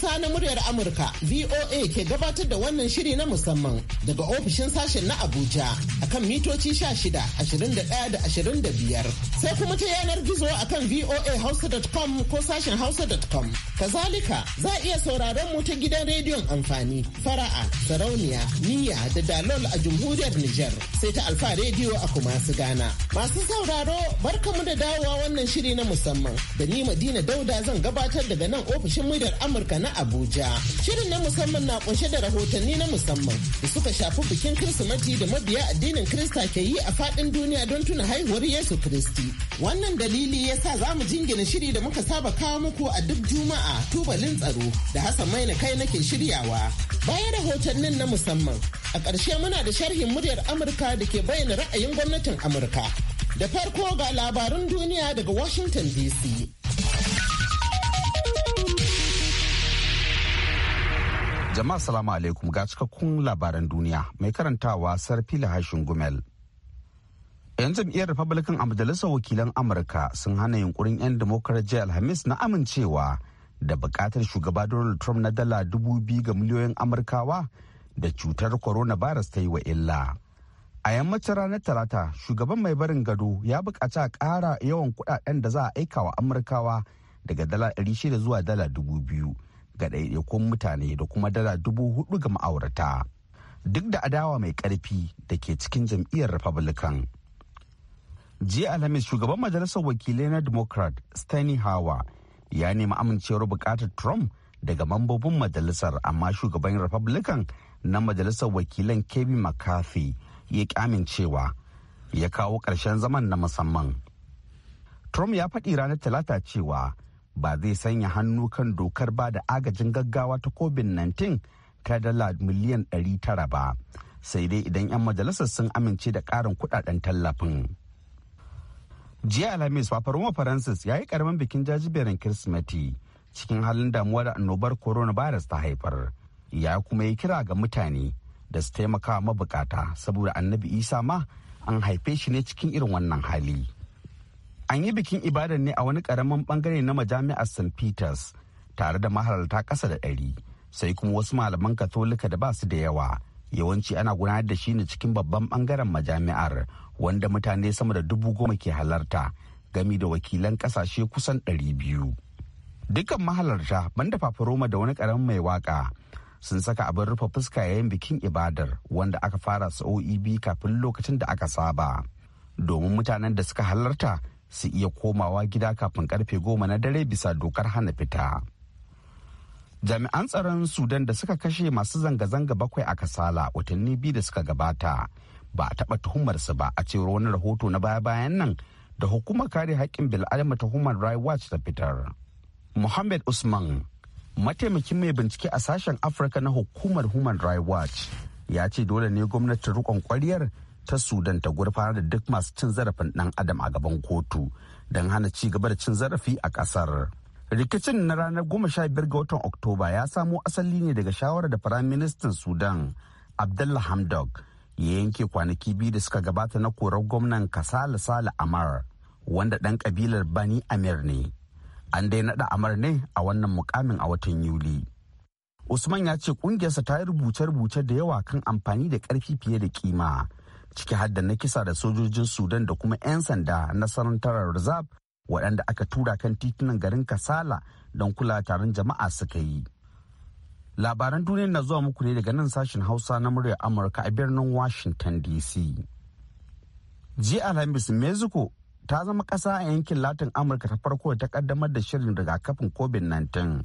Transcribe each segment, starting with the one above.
Hausa na muryar Amurka VOA ke gabatar da wannan shiri na musamman daga ofishin sashen na Abuja akan mitoci 16, 21 da 25. sai kuma ta yanar gizo a kan voahausa.com ko sashen hausa.com. Kazalika za a iya sauraron mu ta gidan rediyon amfani fara'a sarauniya niyya da dalol a jamhuriyar Nijar sai ta alfa rediyo a kuma su gana. Masu sauraro barkamu da dawowa wannan shiri na musamman da ni Madina Dauda zan gabatar daga nan ofishin muryar Amurka na Abuja. Shirin na musamman na kunshe da rahotanni na musamman da suka shafi bikin Kirsimeti da mabiya addinin Kirista ke yi a faɗin duniya don tuna haihuwar Yesu Kiristi. Wannan dalili ya sa za mu jingina shiri da muka saba kawo muku a duk Juma'a tubalin tsaro da Hassan Maina kai nake shiryawa. Baya rahotannin na musamman, a ƙarshe muna da sharhin muryar Amurka da ke bayyana ra'ayin gwamnatin Amurka. Da farko ga labarun duniya daga Washington DC. Jama'a salamu alaikum ga cikakkun labaran duniya mai karantawa Sarfila Hashin Gumel. 'Yan jam'iyyar Republican a Majalisar Wakilan Amurka sun hana yunkurin 'yan Democrat Alhamis na amincewa da bukatar shugaba Donald Trump na dala dubu biyu ga miliyoyin Amurkawa da cutar coronavirus ta yi wa illa. A yammacin ranar Talata, shugaban mai barin gado ya bukaci a kara yawan kuɗaɗen da za a aika wa Amurkawa daga dala shida zuwa dala dubu biyu ga ɗaiɗaikun mutane da kuma dala dubu hudu ga ma'aurata. Duk da adawa mai ƙarfi da ke cikin jam'iyyar Republican. jiya alhamis shugaban majalisar wakilai na democrat steny hawa ya nemi amincewar bukatar trump daga mambobin majalisar amma shugaban republican na majalisar wakilan kevin mccarthy ya amincewa ya kawo ƙarshen zaman na musamman trump ya faɗi ranar talata cewa ba zai sanya hannu kan dokar ba da agajin gaggawa ta covid-19 ta dala miliyan 900 ba sai dai idan 'yan majalisar sun amince da ƙarin kudaden tallafin. jiya alhamis papa roma francis ya yi karamin bikin jajiberin kirsimeti cikin halin damuwa da annobar coronavirus ta haifar ya kuma yi kira ga mutane da su taimaka mabukata saboda annabi isa ma an haife shi ne cikin irin wannan hali an yi bikin ibadar ne a wani karamin bangare na majami'ar st peters tare da mahalarta ƙasa da ɗari sai kuma wasu malaman katolika da ba su da yawa yawanci ana gudanar da shi ne cikin babban bangaren majami'ar wanda mutane sama da dubu goma ke halarta gami da wakilan kasashe kusan ɗari biyu. Dukkan mahalarta banda fafaroma da wani ƙaramin mai waka sun saka abin rufe fuska yayin bikin ibadar wanda aka fara sa'o'i biyu kafin lokacin da aka saba. Domin mutanen da suka halarta su iya komawa gida kafin karfe goma na dare bisa dokar hana fita. jami'an tsaron sudan da suka kashe masu zanga-zanga bakwai a kasala watanni biyu da suka gabata ba a taɓa tuhumarsu ba a cewar wani rahoto na baya-bayan nan da hukumar kare haƙƙin bil'adama ta human rights watch ta fitar muhammad usman mataimakin mai bincike a sashen afirka na hukumar human rights watch ya ce dole ne gwamnatin rikon kwaryar ta sudan ta gurfanar da duk masu cin zarafin dan adam a gaban kotu don hana ci gaba da cin zarafi a kasar rikicin na ranar goma sha biyar ga watan oktoba ya samo asali ne daga shawarar da firayim ministan sudan Abdullahi hamdok ya yanke kwanaki biyu da suka gabata na korar gwamnan kasala sala amar wanda ɗan ƙabilar bani amir ne an dai naɗa amar ne a wannan mukamin a watan yuli usman ya ce ƙungiyarsa ta yi rubuce-rubuce da yawa kan amfani da ƙarfi fiye da kima ciki har na kisa da sojojin sudan da kuma 'yan sanda na sarantarar rizab waɗanda aka tura kan titunan garin kasala don kula taron jama'a suka yi labaran duniya na zuwa muku ne daga nan sashen hausa na muryar amurka a birnin washington dc jiya alhamis mexico ta zama ƙasa a yankin latin amurka ta farko da ta kaddamar da shirin rigakafin covid-19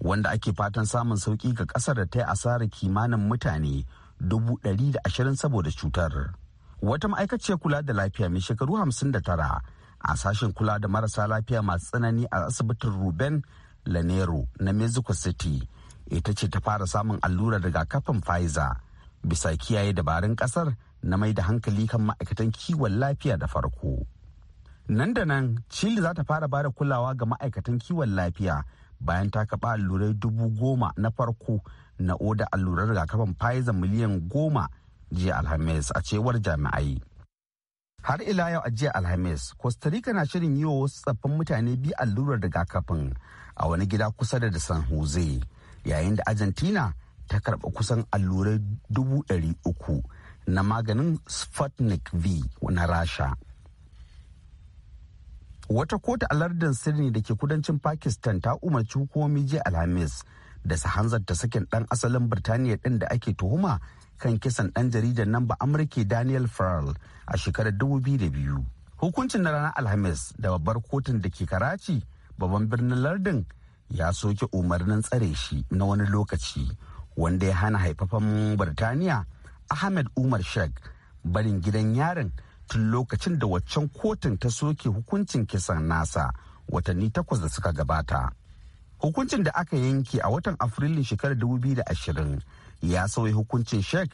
wanda ake fatan samun sauki ga ƙasar da ta yi asarar kimanin mutane dubu da ɗari ashirin saboda cutar wata ma'aikaciyar kula da lafiya mai shekaru hamsin da tara. a sashen kula da marasa lafiya masu tsanani a asibitin ruben lanero na mexico city ita ce ta fara samun allurar rigakafin pfizer bisa kiyaye dabarun kasar na mai da hankali kan ma'aikatan kiwon lafiya da farko nan da nan chile za ta fara bada kulawa ga ma'aikatan kiwon lafiya bayan ta kaɓa allurai dubu goma na farko na oda allurar rigakafin pfizer miliyan goma jiya alhamis a cewar jami'ai har ila yau a alhamis costa rica na shirin yi wa wasu tsaffin mutane biyu allurar rigakafin a wani gida kusa da san jose yayin da argentina ta karba kusan allurai dubu ɗari uku na maganin sputnik v na rasha wata kotu a lardin sydney da ke kudancin pakistan ta umarci hukumomi jiya alhamis da su hanzarta sakin ɗan asalin birtaniya ɗin da ake tuhuma kan kisan ɗan jaridar nan ba amurke daniel farrell a shekarar 2002 hukuncin na ranar alhamis da babbar kotun da ke karaci babban birnin lardin ya soke umarnin tsare shi na wani lokaci wanda ya hana haifafan birtaniya ahmed umar sheikh barin gidan yarin tun lokacin da waccan kotun ta soke hukuncin kisan nasa watanni takwas da suka gabata hukuncin da aka yanke a watan afrilun shekarar 2020 ya sauya hukuncin sheik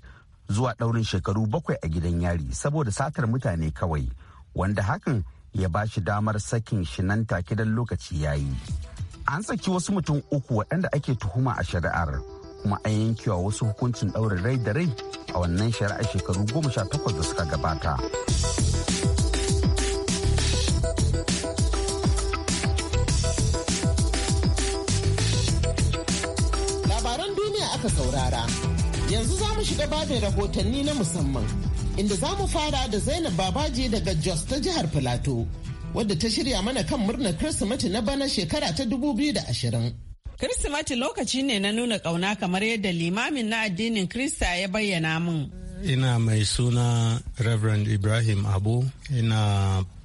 zuwa ɗaurin shekaru bakwai a gidan yari saboda satar mutane kawai wanda hakan ya ba shi damar sakin shi nan take don lokaci ya yi an saki wasu mutum uku waɗanda ake tuhuma a shari'ar kuma an yankewa wasu hukuncin ɗaurin rai da rai a wannan shari'ar shekaru goma sha takwas da suka gabata. aka saurara. Yanzu za mu shiga bada rahotanni na musamman, inda za mu fara da Zainab Babaji daga Jos ta jihar Filato, wadda ta shirya mana kan murnar Kirsimeti na bana shekara ta 2020. Kirsimeti lokaci ne na nuna ƙauna kamar yadda limamin na addinin Krista ya bayyana mun Ina mai suna Reverend Ibrahim Abu, ina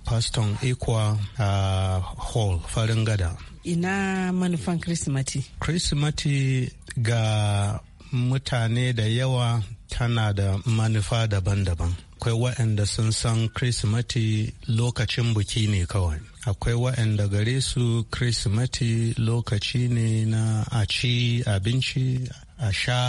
Paston Ikwa a uh, Hall, Farin Gada. ina manufan kirsimati kirsimati ga mutane da yawa tana da manufa daban-daban akwai waɗanda sun san kirsimati lokacin buki ne kawai akwai waɗanda gare su kirsimati lokaci ne na a ci abinci a sha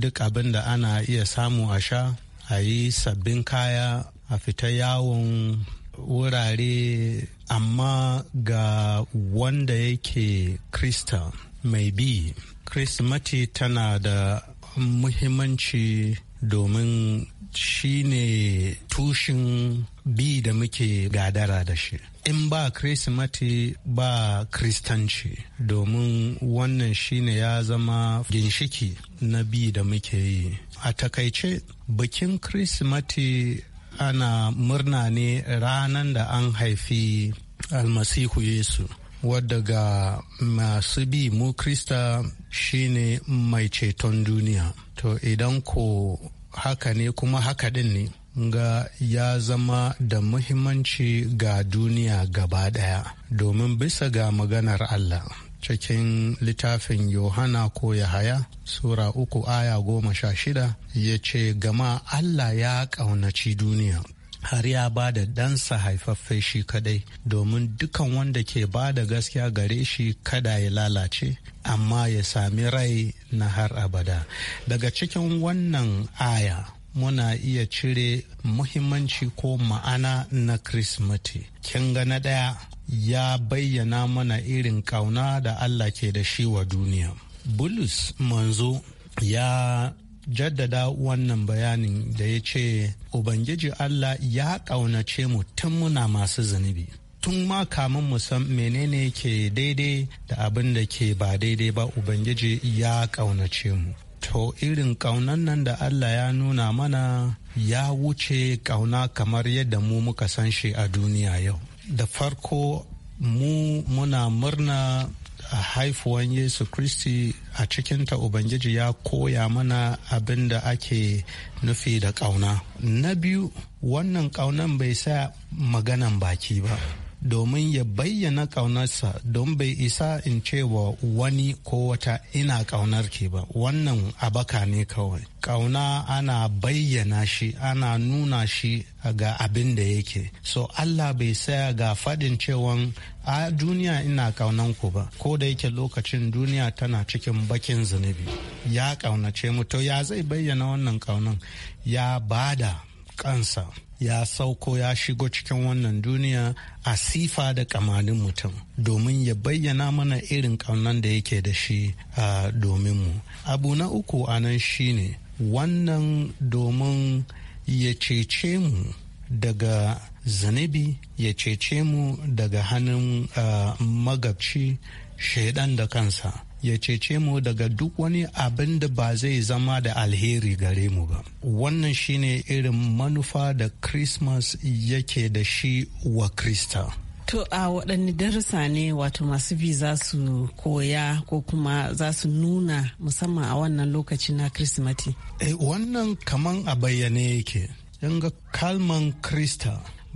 duk abin da ana iya samu a sha a yi sabbin kaya a fita yawon wurare amma ga wanda yake krista mai bi krismati tana da muhimmanci domin shi ne tushen bi da muke gadara da shi in ba krismati ba kristanci domin wannan shine ya zama ginshiki na bi da muke yi a takaice bikin krismati ana murna ne ranar da an haifi almasihu yesu wadda ga masu bi mu krista shine mai ceton duniya to idan ko haka ne kuma haka din ne ga ya zama da muhimmanci ga duniya gaba daya domin bisa ga maganar allah cikin littafin Yohana ko Yahaya Sura uku aya goma sha shida ya ce gama Allah ya ƙaunaci duniya har ya ba da ɗansa haifaffe shi kadai domin dukan wanda ke ba da gaskiya gare shi kada ya lalace amma ya sami rai na har abada daga cikin wannan aya muna iya cire muhimmanci ko ma'ana na Kirsimeti. Kin ga na ɗaya ya bayyana mana irin ƙauna da Allah ke da shi wa duniya. Bulus manzo ya jaddada wannan bayanin da ya ce Ubangiji Allah ya ƙaunace mu tun muna masu zunubi. tun ma kamun mu san menene ke daidai da abin da ke ba daidai ba ubangiji ya ƙaunace mu to irin ƙaunan nan da Allah ya nuna mana ya wuce kauna kamar yadda mu muka san shi a duniya yau. Da farko mu muna murna a haifuwan Yesu Kristi a cikinta Ubangiji ya koya mana abin da ake nufi da kauna Na biyu wannan ƙaunan bai sa maganan baki ba. domin ya bayyana ƙaunarsa don bai isa in ce wa wani ko wata ina ƙaunar ke ba wannan abaka ne kawai ƙauna ana bayyana shi ana nuna shi ga abin da yake so allah bai saya ga faɗin cewan a duniya ina kaunan ku ba ko da yake lokacin duniya tana cikin bakin zunubi ya ƙaunace mu to ya zai bayyana wannan kaunan ya bada kansa ya sauko ya shigo cikin wannan duniya a sifa da kamanin mutum domin ya bayyana mana irin ƙaunan da yake da shi a domin mu abu na uku a nan shine wannan domin ya cece mu daga zanibi ya cece mu daga hannun magabci shaidan da kansa ya cece mu daga duk wani abin da ba zai zama da alheri gare mu ba wannan shine irin manufa da christmas yake da shi wa krista To a waɗanne darussa ne wato masu bi za su koya ko kuma za su nuna musamman a wannan lokaci na Kirsimati? E, eh, wannan kaman a bayyane yake. Yanga kalman Krista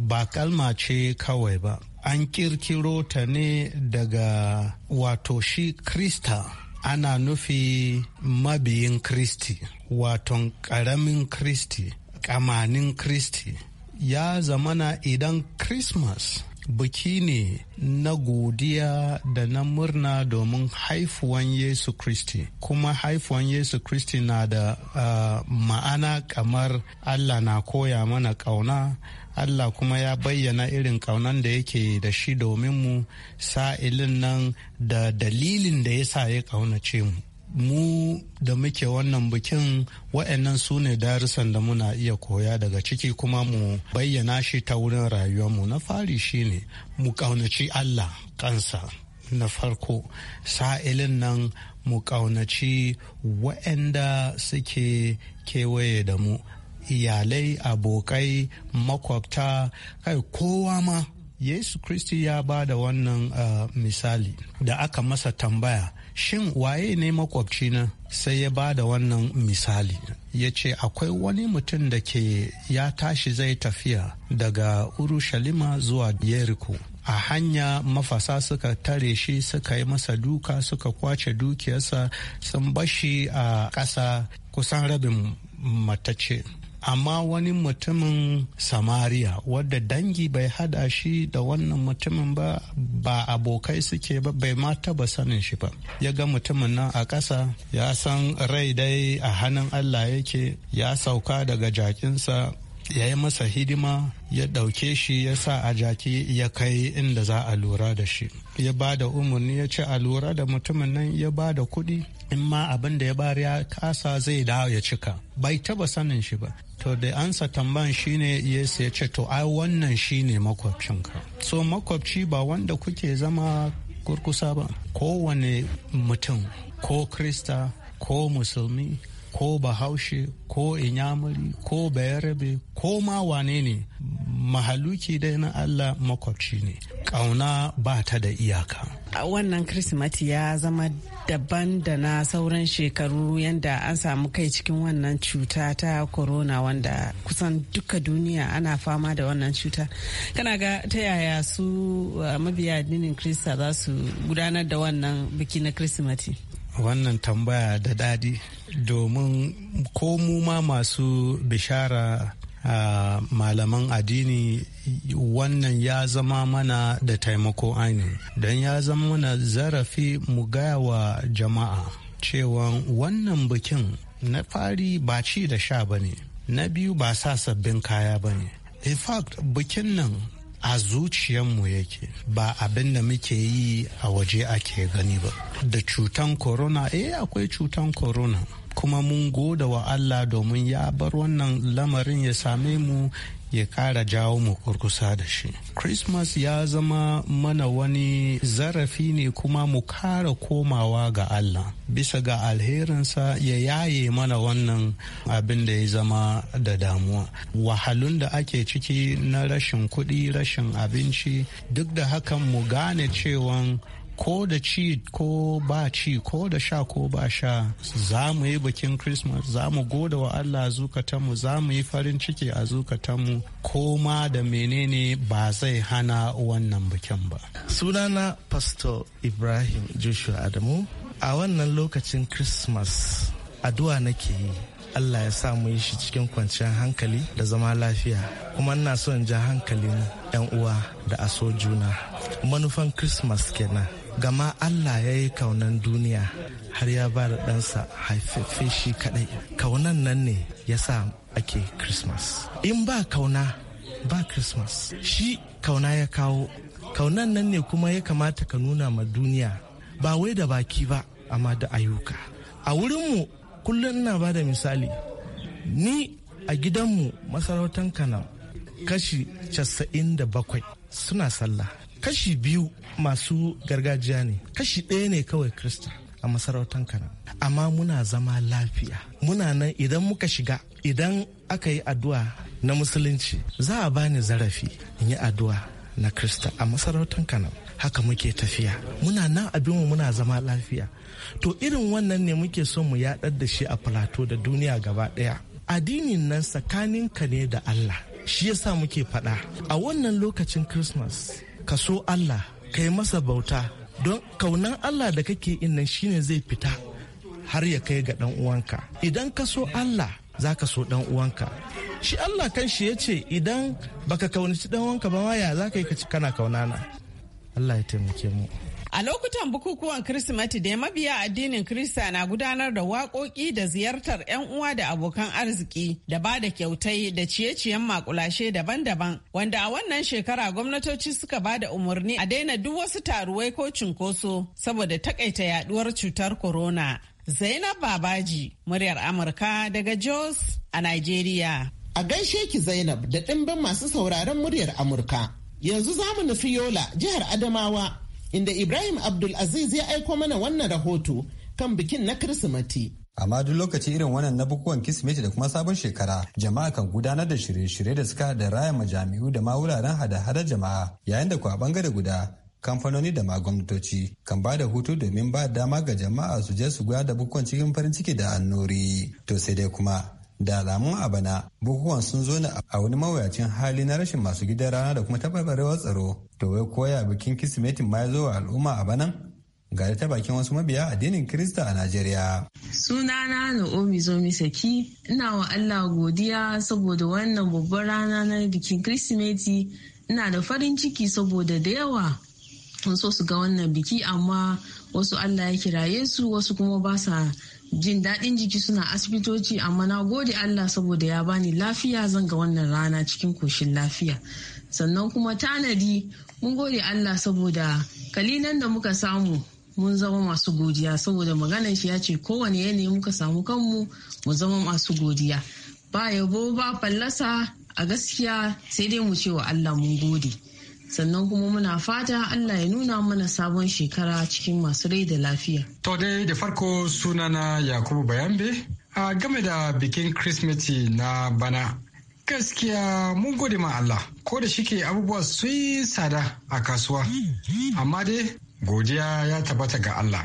ba kalma ce kawai ba. an kirkiro ta ne daga wato shi krista ana nufi mabiyin kristi waton ƙaramin kristi kamanin kristi ya zamana idan christmas biki ne na godiya da na murna domin haifuwan Yesu Kristi. Kuma haifuwan Yesu Kristi na da uh, ma'ana kamar Allah na koya mana ƙauna, Allah kuma ya bayyana irin kaunan da yake da shi domin mu sa'ilin nan da dalilin da ya sa ya kaunace mu. Mu da muke wannan bikin wa'annan su ne darussan da muna iya koya daga ciki kuma mu bayyana shi ta wurin rayuwar mu na fari shi ne mu kaunaci Allah kansa na farko sa'ilin nan mu kaunaci wa'anda suke kewaye da mu iyalai abokai makwabta kai kowa ma yesu kristi ya ba da wannan uh, misali da aka masa tambaya shin waye ne makwabci na sai ya ba da wannan misali ya ce akwai wani mutum da ke ya tashi zai tafiya daga urushalima zuwa yeriko a hanya mafasa suka tare shi suka yi masa duka suka kwace dukiyarsa sun bashi a ƙasa kusan rabin matace amma wani mutumin samariya wadda dangi bai hada shi da wannan mutumin ba ba abokai suke ba bai ma taba sanin shi ba ya ga mutumin nan a ƙasa ya san rai dai a hannun allah yake ya sauka daga jakinsa ya yi masa hidima ya ɗauke shi ya sa a jaki ya kai inda za a lura da shi ya ba da umarni ya ce a lura da mutumin nan ya ba da kuɗi in ma abin da ya bari ya kasa zai dawo ya cika bai taba sanin shi ba to da ansa tamban shine yesu ya ce to ai wannan shine makwabcinka so makwabci ba wanda kuke zama kurkusa ba kowane mutum ko krista ko musulmi ko bahaushe ko inyamuri ko bayarabe ko ma wane ne mahaluki dai na allah makwabci ne ƙauna ba ta da iyaka wannan kirsimati ya zama daban da na sauran shekaru yadda an samu kai cikin wannan cuta ta corona wanda kusan duka duniya ana fama da wannan cuta kana ga ta yaya su uh, mabiya addinin krista za su gudanar da wannan biki na kirsimati wannan tambaya da daɗi domin ko mu ma masu bishara Uh, malaman addini wannan ya zama mana da taimako aini. don ya zama mana zarafi mu gaya wa jama'a cewa wannan bikin na fari ba ci da sha ba ne na biyu ba sa sabbin kaya ba ne in fact bikin nan a zuciyarmu yake ba abin da muke yi a waje ake gani ba da cutan corona eh akwai cutan corona kuma mun goda wa Allah domin ya bar wannan lamarin ya same mu ya kara jawo mu kurkusa da shi. Christmas ya zama mana wani zarafi ne kuma mu kara komawa ga Allah bisa ga alherinsa ya yaye mana wannan abin da ya zama da damuwa. Wahalun da ake ciki na rashin kuɗi, rashin abinci, duk da hakan mu gane cewan ko da ci ko ba ci ko da sha ko ba sha za mu yi bikin christmas za mu goda wa allah zukatanmu za mu yi farin ciki a zukatanmu ko ma da menene ba zai hana wannan bikin ba sunana pastor ibrahim joshua adamu a wannan lokacin christmas addu'a nake yi allah ya sa yi shi cikin kwanciyar hankali da zama lafiya kuma ina son ja hankalin 'yan uwa da aso juna manufan christmas kenan gama Allah ya yi kaunan duniya har ya ba da ɗansa haife shi kaɗai kaunan nan ne ya sa ake Christmas. In ba kauna ba Christmas shi kauna ya kawo kaunan nan ne kuma ya kamata ka nuna ma duniya ba wai da baki ba amma da ayyuka. A wurinmu kullum na ba da misali ni a gidanmu masarautan kanan kashi 97 suna sallah kashi biyu masu gargajiya ne kashi ɗaya ne kawai krista a masarautar kana amma muna zama lafiya muna nan idan muka shiga idan aka yi addu'a na musulunci za a bani zarafi in yi addu'a na krista a masarautar kana haka muke tafiya muna nan abinmu muna zama lafiya to irin wannan ne muke son mu yaɗar da shi a plateau da duniya gaba ɗaya addinin nan tsakaninka ne da allah shi yasa muke faɗa a wannan lokacin christmas ka so Allah ka yi masa bauta don kaunan Allah da kake innan shine zai fita har ya kai ga dan uwanka idan ka so Allah za ka so dan uwanka shi Allah kan shi ya ce idan baka kaunaci dan uwanka ba ma ya za ka yi kana kaunana Allah ya taimake mu A lokutan bukukuwan Kirsimeti da mabiya addinin Kirista na gudanar da waƙoƙi da ziyartar 'yan uwa da abokan arziki da ba da kyautai da ciye-ciyen makulashe daban-daban wanda a wannan shekara gwamnatoci suka ba da umarni a daina duk wasu taruwai ko cunkoso saboda takaita yaduwar cutar corona. Zainab Babaji, muryar Amurka daga Jos a Najeriya. A gaishe ki Zainab da ɗimbin masu sauraron muryar Amurka. Yanzu zamu nufi Yola, jihar Adamawa, inda Ibrahim Abdul Aziz ya aiko mana wannan rahoto kan bikin na Kirsimeti. amma duk lokaci irin wannan na bukuwan kirsimeti da kuma sabon shekara jama'a kan gudanar da shirye-shirye da suka da raya majami'u da ma wuraren hada-hada jama'a yayin da kuwa bangare guda kamfanoni da ma gwamnatoci kan ba da hutu domin ba dama ga jama'a su je su gudanar da bukuwan cikin farin ciki da annori to sai dai kuma da alamun a bana bukukuwan sun zo ne a wani mawuyacin hali na rashin masu gidan rana da kuma tabarbarewar tsaro to wai koya bikin kismetin ma ya zo wa al'umma a banan ga ta bakin wasu mabiya addinin Kirista a Najeriya. Sunana Na'omi Zomi Saki, ina wa Allah godiya saboda wannan babbar rana na bikin Kirsimeti, ina da farin ciki saboda da yawa sun so su ga wannan biki amma wasu Allah ya kiraye su wasu kuma ba sa jin daɗin jiki suna asibitoci amma na gode Allah saboda ya bani lafiya zan ga wannan rana cikin koshin lafiya sannan kuma tanadi mun gode Allah saboda kalinan da muka samu mun zama masu godiya saboda maganar shi ya ce kowane yanayi muka samu kanmu mu zama masu godiya ba yabo ba fallasa a gaskiya sai dai mu ce wa Allah mun gode. sannan kuma muna fata Allah ya nuna mana sabon shekara cikin masu rai da lafiya. To dai da farko sunana Yakubu Bayambe a game da bikin Kirsimeti na bana. Gaskiya mun gode ma Allah ko da shike abubuwa sun tsada a kasuwa amma dai godiya ya tabbata ga Allah.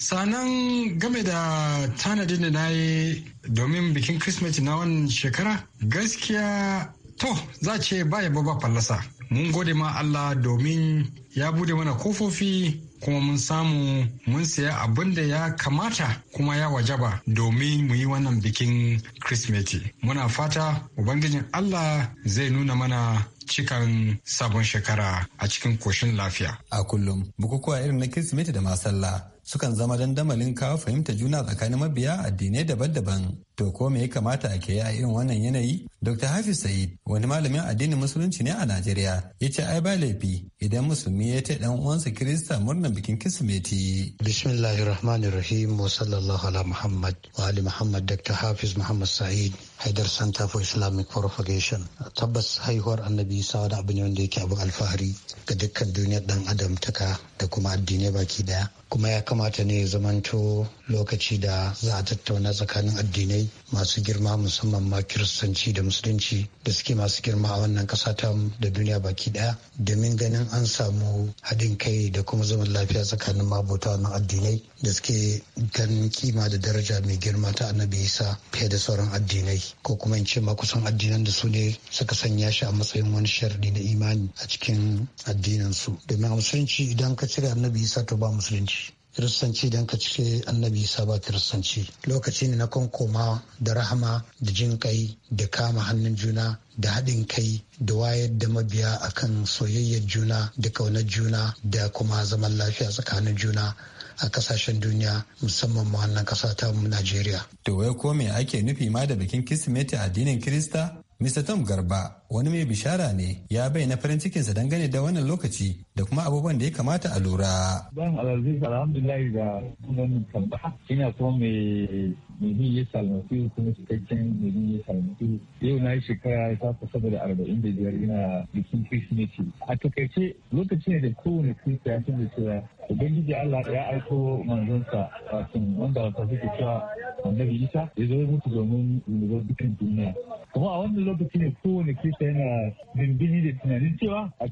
sanan game da tanadin da na yi domin bikin Kirsimeti na wannan shekara gaskiya to za ce ba yabo ba fallasa. mun gode ma Allah domin ya bude mana kofofi kuma mun samu mun saya abin da ya kamata kuma ya wajaba domin mu yi wannan bikin Kirsimeti. Muna fata Ubangijin Allah zai nuna mana cikan sabon shekara a cikin koshin lafiya. A kullum, bukukuwa irin na Kirsimeti da masalla sukan zama dandamalin kawo fahimta juna tsakanin mabiya addinai daban-daban To ko me ya kamata a ke yi a irin wannan yanayi? Dr. Hafiz Said wani malamin addinin musulunci ne a Najeriya ya ce ai ba laifi idan musulmi ya ta dan uwansa Kirista murnar bikin Kirsimeti. Bismillahirrahmanirrahim wa sallallahu ala Muhammad wa ali Muhammad Dr. Hafiz Muhammad Said Haidar Center for Islamic Propagation. Tabbas haihuwar Annabi Isa da abu ne wanda yake abu alfahari ga dukkan duniyar dan adam taka da kuma addinai baki daya. Kuma ya kamata ne ya zamanto lokaci da za a tattauna tsakanin addinai masu girma musamman ma kiristanci da musulunci da suke masu girma a wannan ƙasa ta da duniya baki ɗaya domin ganin an samu haɗin kai da kuma zaman lafiya tsakanin mabota wannan addinai da suke ganin kima da daraja mai girma ta annabi isa fiye da sauran addinai ko kuma in ce ma kusan addinan da su ne suka sanya shi a matsayin wani sharadi na imani a cikin addinan su domin a musulunci idan ka cire annabi isa to ba musulunci kiristanci don ka cike annabi isa ba kiristanci lokaci ne na kankoma da rahama da jin kai da kama hannun juna da haɗin kai da wayar da mabiya a kan soyayyar juna da ƙaunar juna da kuma zaman lafiya tsakanin juna a kasashen duniya musamman ma wannan ƙasa ta mu Najeriya. To wai ko me ake nufi ma da bikin Kirsimeti addinin Kirista? Mr. Tom Garba wani mai bishara ne ya bayyana farin cikinsa dangane da wannan lokaci da kuma abubuwan da ya kamata a lura. Ban alarzi alhamdulillahi da sunan kamba ina kuma mai yi ya salmatu kuma cikakken mihi yi salmatu yau na yi shekara ta kusa da arba'in da biyar ina bikin kirsimeti a takaice lokaci ne da kowane kirista ya da cewa ubangiji Allah ya aiko manzonsa wato wanda wata suke cewa annabi Isa ya zo mutu domin zunubar dukkan duniya kuma a wannan lokaci ne kowane kirista zuciya yana dindini da tunanin cewa a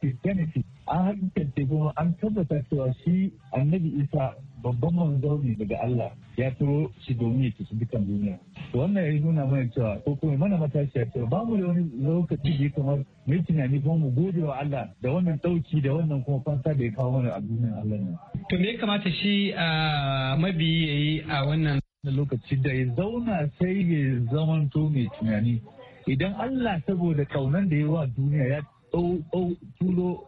christianity an hakikance kuma an tabbata cewa shi annabi isa babban manzo ne daga Allah ya turo shi domin ya tafi dukan duniya wannan ya nuna mana cewa ko kuma mana matashiya cewa ba mu da wani lokaci da ya kamar mu yi tunani kuma mu gode wa Allah da wannan dauki da wannan kuma fansa da ya kawo mana a duniyar Allah ne to me ya kamata shi mabiyi yayi a wannan lokaci da ya zauna sai ya zamanto mai tunani idan Allah saboda kaunan da yawa duniya ya tulo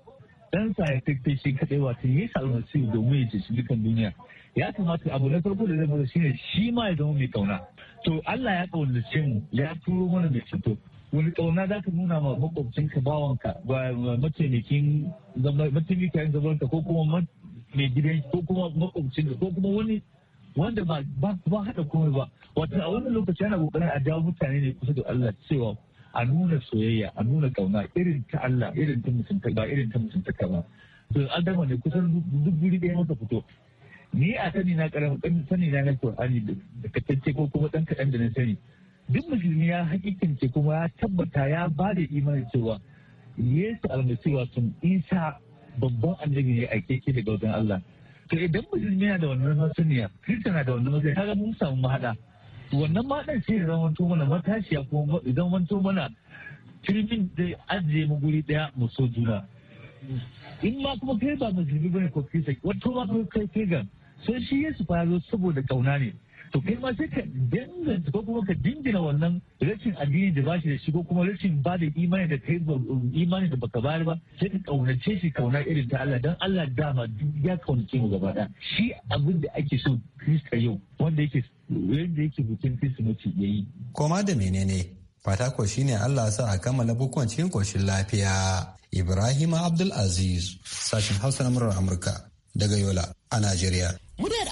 ɗan sa ya tafi shi kadai wato ya samu su domin ya ci dukan duniya ya kamata abu na farko da zama shine shi ma ya zama mai kauna to Allah ya kaunace mu ya turo mana mai ceto wani kauna za ka nuna ma makwabcinka bawanka mataimakin mataimakin ka ko kuma mai gidan ko kuma makwabcinka ko kuma wani wanda ba ba haɗa komai ba wato a wannan lokaci yana kokarin a dawo mutane ne kusa da Allah cewa a nuna soyayya a nuna kauna irin ta Allah irin ta mutunta ba irin ta mutuntaka ba to adama ne kusan duk guri ɗaya maka fito ni a sani na karamin ɗan sani na na Qur'ani da katacce ko kuma ɗan kaɗan da na sani duk musulmi ya hakikince kuma ya tabbata ya ba da imanin cewa Yesu almasiwa sun isa babban annabi ne a keke daga wajen Allah to idan musulmi na da wannan masaniya kirista na da wannan masaniya kaga mun samu mahada wannan mahadan sai da zama to mana matashiya ko idan to mana turmin da ajiye mu guri daya mu so juna in ma kuma kai ba musulmi bane ko kirista wato ma kai kai ga so shi yesu fa zo saboda kauna ne to kai ma sai ka danganta ko kuma ka dingina wannan rashin addini da bashi da shi ko kuma rashin ba da imani da kai imani da baka bayar ba sai ka kaunace shi kauna irin ta Allah dan Allah dama duk ya kaunace mu gaba da shi abin da ake so Kirista yau wanda yake wanda yake bikin ya yayi koma da menene fata ko shine Allah sa a kammala bukuwan cikin koshin lafiya Ibrahim Abdul Aziz sashin Hausa na Amurka daga Yola a Najeriya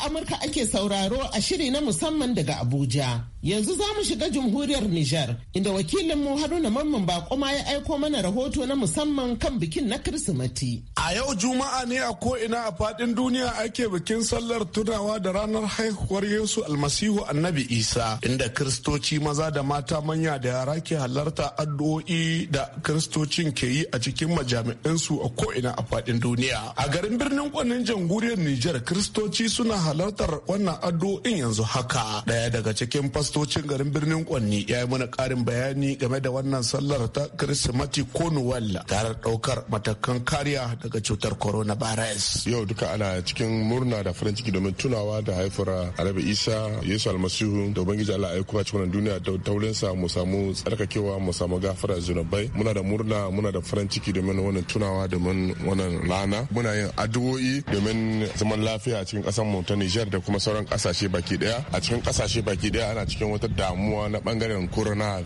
Amurka ake sauraro a shiri na musamman daga Abuja. Yanzu za mu shiga jamhuriyar Nijar, inda wakilin mu Haruna Mamman Bakoma ya aiko mana rahoto na musamman kan bikin na Kirsimeti. A yau Juma'a ne a ko'ina a fadin duniya ake bikin sallar tunawa da ranar haihuwar Yesu Almasihu Annabi Isa, inda Kiristoci maza da mata manya da yara ke halarta addu'o'i da Kristocin ke yi a cikin majami'ansu a ko'ina a fadin duniya. A garin birnin kwanin jamhuriyar Nijar, Kiristoci suna halartar wannan addu'o'in yanzu haka. Daya daga cikin fas kiristocin garin birnin Kwanni ya yi mana karin bayani game da wannan sallar ta Kirsimati ko Nuwalla tare daukar matakan kariya daga cutar coronavirus. Yau duka ana cikin murna da farin ciki domin tunawa da haifar Arabi Isa Yesu Almasihu da Ubangiji Allah ya kuma cikin duniya da taulinsa mu samu tsarkakewa mu samu gafara zunubai. Muna da murna muna da farin ciki domin wannan tunawa domin wannan rana. Muna yin addu'o'i domin zaman lafiya a cikin ƙasar mu ta Nijar da kuma sauran kasashe baki ɗaya. A cikin kasashe baki daya ana cikin cikin wata damuwa na bangaren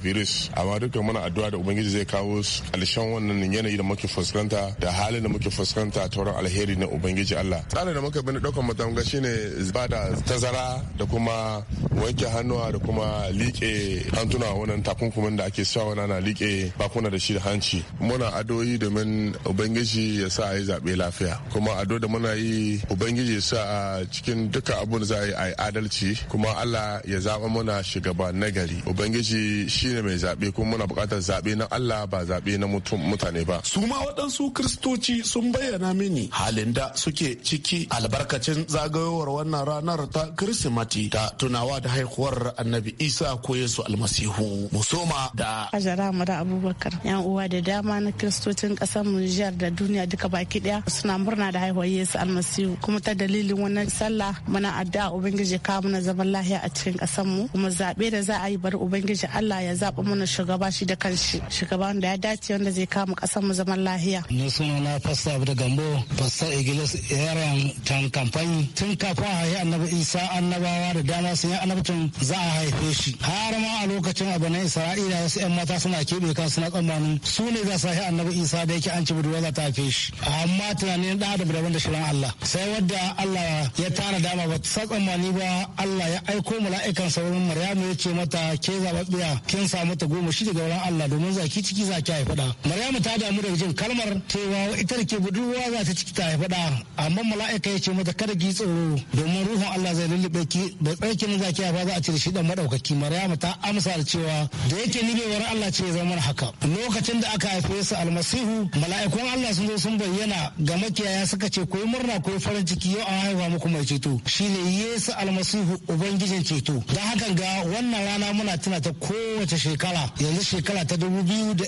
virus amma duka muna addu'a da ubangiji zai kawo ƙarshen wannan yanayi da muke fuskanta da halin da muke fuskanta ta wurin alheri na ubangiji Allah tsarin da muka bi daukan ɗaukar matanga shine ba da tazara da kuma wanke hannuwa da kuma liƙe hantuna wannan takunkumin da ake sawa na liƙe bakuna da shi da hanci muna adoyi domin ubangiji ya sa a yi lafiya kuma ado da muna yi ubangiji ya sa cikin duka abun za a yi adalci kuma Allah ya zaɓa muna shugaba nagari ubangiji shine mai zaɓe kuma muna buƙatar zaɓe na allah ba zaɓe na mutane ba su ma waɗansu kristoci sun bayyana mini halin da suke ciki albarkacin zagayowar wannan ranar ta kirsimati ta tunawa da haihuwar annabi isa ko yesu almasihu musoma da hajara mara abubakar yan uwa da dama na kristocin ƙasar mu da duniya duka baki ɗaya suna murna da haihuwar yesu almasihu kuma ta dalilin wannan sallah muna addu'a ubangiji kawo mana zaman lahiya a cikin ƙasar mu kuma zaɓe da za a yi bari ubangiji Allah ya zaɓi mana shugaba shi da kanshi shugaba wanda ya dace wanda zai kama ƙasar mu zaman lahiya. Ni suna na fasta da gambo fasta igilis yaran tan kamfani tun kafin a haifi annabi isa annabawa da dama sun yi annabcin za a haife shi har ma a lokacin abu na isra'ila wasu 'yan mata suna keɓe kan suna tsammanin su ne za su haifi annabi isa da yake an ci budurwa za ta haife shi amma tunanin da adam da shirin Allah sai wadda Allah ya tana dama ba ta tsammani ba Allah ya aiko mala'ikan sauran mara Maryamu ya ce mata ke zaɓaɓɓiya kin samu ta goma shi daga wurin Allah domin zaki ciki za ki haifa da. Maryamu ta damu da jin kalmar cewa ita da ke budurwa za ta ciki ta haifa da amma mala'ika ya ce mata kada ki tsoro domin ruhun Allah zai lullube ki da tsarkin za ki haifa za a cire shi dan madaukaki. Maryamu ta amsa da cewa da yake ni bai wurin Allah ce ya zama haka. Lokacin da aka haife su almasihu mala'ikun Allah sun zo sun bayyana ga makiyaya suka ce ko murna ko farin ciki yau an haifa muku mai ceto shine Yesu almasihu ubangijin ceto. Don hakan ga wannan rana muna tuna ta kowace shekara yanzu shekara ta dubu biyu da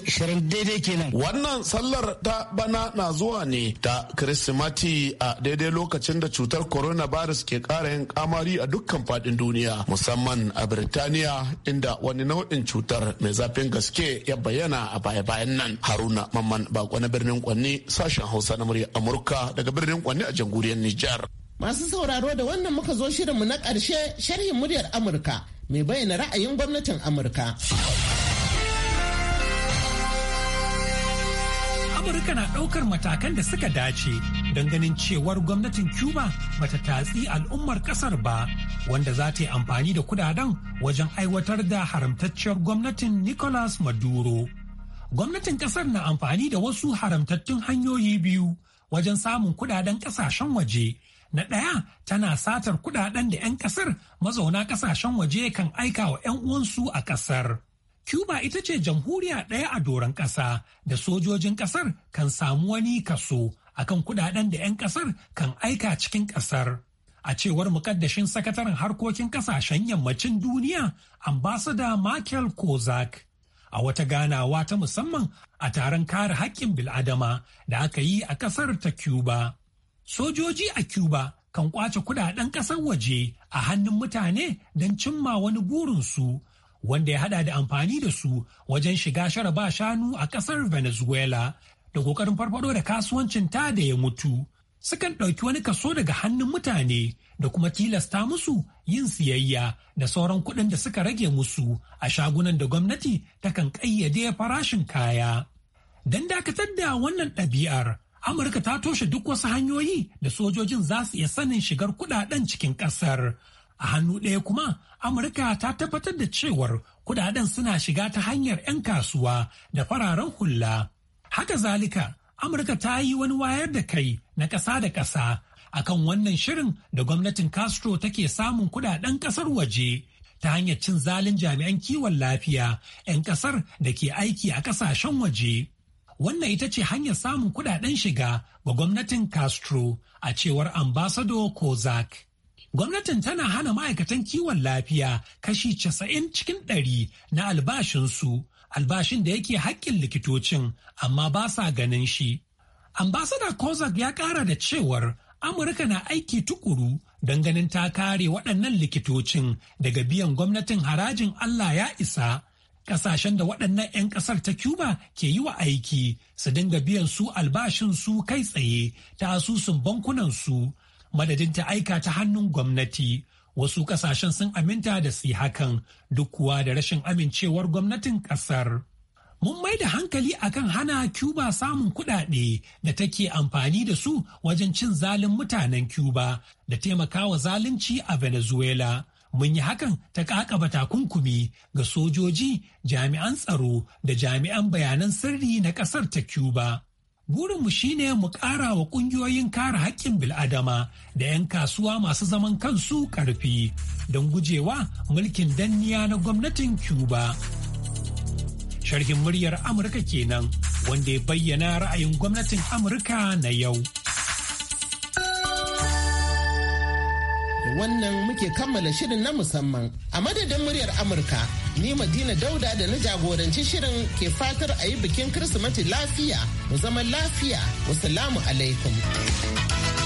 daidai kenan. Wannan sallar ta bana na zuwa ne ta Kirsimati a daidai lokacin da cutar coronavirus ke kara yin kamari a dukkan faɗin duniya musamman a Birtaniya inda wani nau'in cutar mai zafin gaske ya bayyana a baya-bayan nan. Haruna Mamman Bako na birnin Kwanni sashen Hausa na murya Amurka daga birnin Kwanni a jamhuriyar Nijar. Masu sauraro da wannan muka zo shirinmu na ƙarshe sharhin muryar Amurka mai bayyana ra'ayin gwamnatin Amurka. Amurka na ɗaukar matakan da suka dace don ganin cewar gwamnatin Cuba bata tatsi al'ummar ƙasar ba wanda za ta yi amfani da kudaden wajen aiwatar da haramtacciyar gwamnatin Nicolas Maduro. Gwamnatin ƙasar na amfani da wasu haramtattun hanyoyi biyu wajen samun kudaden ƙasashen waje. Na ɗaya tana satar kudaden da 'yan ƙasar mazauna ƙasashen waje kan aika wa 'yan uwansu a ƙasar. Cuba ita ce jamhuriya ɗaya a doron ƙasa da sojojin ƙasar kan samu wani kaso akan kudaden da 'yan ƙasar kan aika cikin ƙasar. A cewar Muƙaddashin sakataren harkokin ƙasashen yammacin duniya, ambasada Michael Kozak. A wata ganawa ta musamman a taron kare haƙƙin bil'adama da aka yi a ƙasar ta Cuba. sojoji a Cuba kan kwace kudaden ƙasar waje a hannun mutane don cimma wani burinsu wanda ya hada da amfani da su wajen shiga shara ba shanu a ƙasar Venezuela da ƙoƙarin farfado da kasuwancin ta da ya mutu. Sukan ɗauki wani kaso daga hannun mutane da kuma tilasta musu yin siyayya da sauran kuɗin da suka rage musu a shagunan da gwamnati takan ƙayyade farashin kaya. Don dakatar da wannan ɗabi'ar Amurka ta toshe duk wasu hanyoyi da sojojin za su iya sanin shigar kudaden cikin kasar. A hannu ɗaya kuma, Amurka ta tabbatar da cewar kudaden suna shiga ta hanyar 'yan kasuwa da fararen hula. Haka zalika, Amurka ta yi wani wayar da kai na ƙasa da ƙasa akan wannan shirin da gwamnatin Castro take samun kudaden ƙasar waje. ta hanyar cin zalin jami'an kiwon lafiya 'yan kasar da ke aiki a kasashen waje. wannan ita ce hanyar samun kudaden shiga ga gwamnatin Castro a cewar ambasado Kozak. Gwamnatin tana hana ma'aikatan kiwon lafiya kashi casa'in cikin ɗari na albashinsu, albashin da yake haƙƙin likitocin amma ba sa ganin shi. Ambasada Kozak ya ƙara da cewar Amurka na aiki tukuru don ganin ta kare waɗannan likitocin daga biyan gwamnatin harajin Allah ya isa Ƙasashen da waɗannan 'yan ƙasar ta Cuba ke yi wa aiki su dinga biyan su albashin su kai tsaye ta asusun bankunan su madadin ta aika ta hannun gwamnati. Wasu ƙasashen sun aminta da su hakan duk kuwa da rashin amincewar gwamnatin ƙasar. mun mai da hankali akan hana Cuba samun kuɗaɗe da take amfani da su wajen cin zalin mutanen Cuba da taimakawa zalunci a Venezuela. mun yi hakan ta kakaba takunkumi ga sojoji jami'an tsaro da jami'an bayanan sirri na kasar ta cuba burinmu shine mu ƙara wa ƙungiyoyin kare haƙƙin bil'adama da 'yan kasuwa masu zaman kansu ƙarfi don gujewa mulkin danniya na gwamnatin cuba sharhin muryar amurka kenan wanda ya bayyana ra'ayin gwamnatin amurka na yau wannan muke kammala shirin na musamman. A madadin muryar Amurka, ni Madina Dauda da na jagoranci shirin ke fatar a yi bikin Kirsimeti lafiya, mu zama lafiya, wasalamu alaikum.